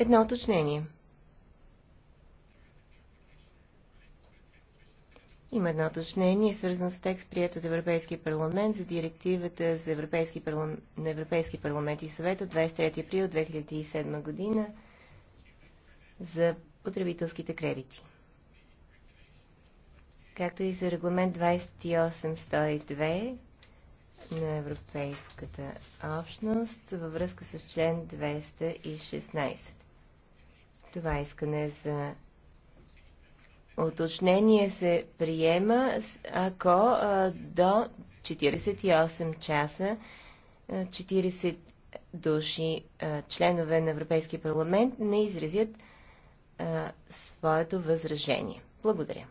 Едно уточнение. Има едно уточнение, свързано с текст, прият от Европейския парламент за директивата за Европейски парламент, на Европейски парламент и съвет от 23 април 2007 година за потребителските кредити. Както и за регламент 28102 на Европейската общност във връзка с член 216. Това искане за уточнение се приема, ако а, до 48 часа 40 души, а, членове на Европейския парламент, не изразят а, своето възражение. Благодаря.